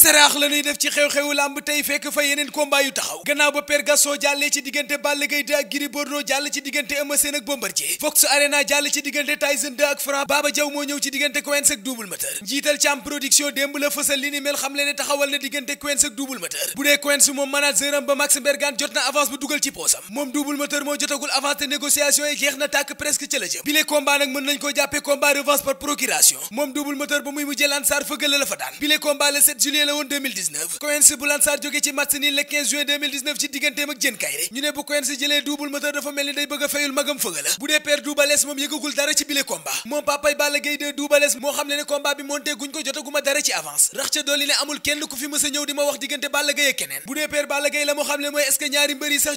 seraax la ñuy def ci xew-xewu làmb tey fekk fa yeneen combat yu taxaw gannaaw ba Père Gaston jàllee ci diggante Balla Gaye 2 ak Gris Bordeaux jàll ci diggante Eumeu Sène ak Bombardier Vox Arena jàll ci diggante Tyson ak Franc Baba Diaw moo ñëw ci diggante Quench ak Double Moteur njiital Thiam Production démb la fësal li ni mel xam ne taxawal na diggante Quench ak Double Moteur bu dee Quench moom manager am ba Max Mbergane jot na avance bu dugal ci poosam te négociation yi jeex na tàkk presque ca la jëm la woon 2019 bu Lansar jóge ci match ni le juin ci digganteem ak Diène Kairé ñu ne bu Coence jëlee double moteur dafa mel ni day bëgg a fayul magam fëga la bu dee père moom yëgagul dara ci bile combat moom papay Balla Gaye de Double moo xam le combat bi monté guñ ko jotaguma dara ci avance rax ca dolli ne amul kenn ku fi mës ñëw di ma wax diggante Balla Gaye ak keneen bu dee père Balla la moo xam le mooy est ñaari mbër yi sax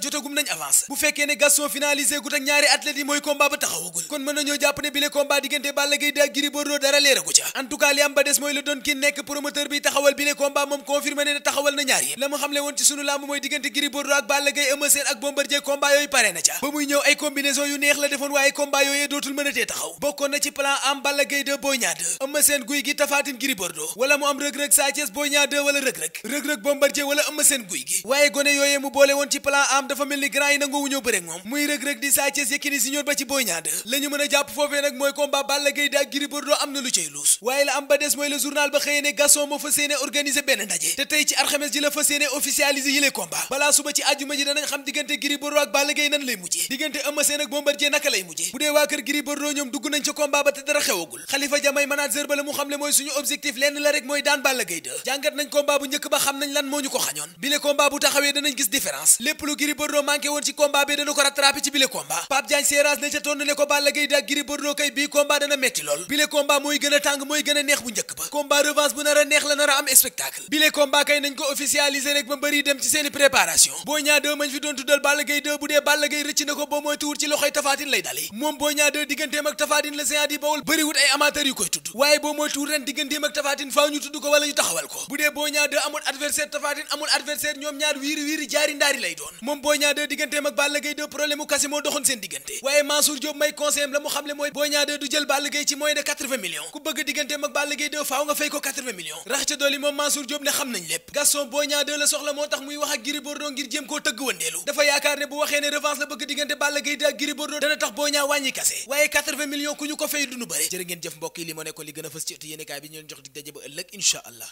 combat moom confirmé ne ne taxawal na ñaar yëpp la mu xamle woon ci sunu lamb mooy diggante Gris ak Balla Gaye Eumeu Sène ak Bombardier combat yooyu pare na ca ba muy ñëw ay combinaison yu neex la defoon waaye combat yooyee dootul mën taxaw bokkoon na ci plan am Balla Gaye 2 Boy Niang 2 Eumeu Sène Gouye Gui Tapha Tine mu am rëg-rëg Sa Thiès Boy Niang 2 rëg-rëg rëg-rëg Bombardier wala Eumeu Sène Gouye waaye gone yooyee mu boole woon organiser te tey ci alxames ji la fas yéene officialiser yile combat balaa suba ci àjjuma ji danañ xam diggante Gris ak Balla Gaye nan lay mujjee diggante Eumeu Sène ak Bombardier naka lay mujjee bu dee waa kër Gris ñoom dugg nañ ca combat ba te dara xewagul Khalifa Diamay manager ba la mu xamle mooy suñu objectif lenn la rek mooy daan Balla Gaye jàngat nañ combat bu njëkk ba xam nañ lan moo ñu ko xañoon bile combat bu taxawee danañ gis différence lépp lu spectacle bi les combat ko officialiser rek ba mbëri dem ci seeni préparation Boy Niang 2 mañ fi doon tuddal Balla Gaye 2 bu dee Balla Gaye rëcc na ko boo mooy tuwut ci loxoy Tapha Tine lay dali moom Boy Niang amul adversaire Tapha amul adversaire ñoom ñaar wiiri wiiri jaari ndaari lay doon moom Boy Niang digganteem ak Balla Gaye 2 problème mu kasi seen diggante waaye Mansour Diop may conseil la mu xamle mooy Boy Niang du jël Balla Gaye ci moins Mansour Diop ne xam nañ lépp Gaston Boy Niang 2 la soxla moo tax muy wax ak Gris Bordeaux ngir jéem koo tëgg wëndeelu dafa yaakaar ne bu waxee ne revanche la bëgg diggante Balla Gaye ak Gris dana tax Boy Niang waaye millions ku ñu ko fay dunu bëre jërë ngeen jëf mbokk yi li mo li gën a fës ci ëtt yéenekaay bi ñu jox dig daje ba ëllëg incha allah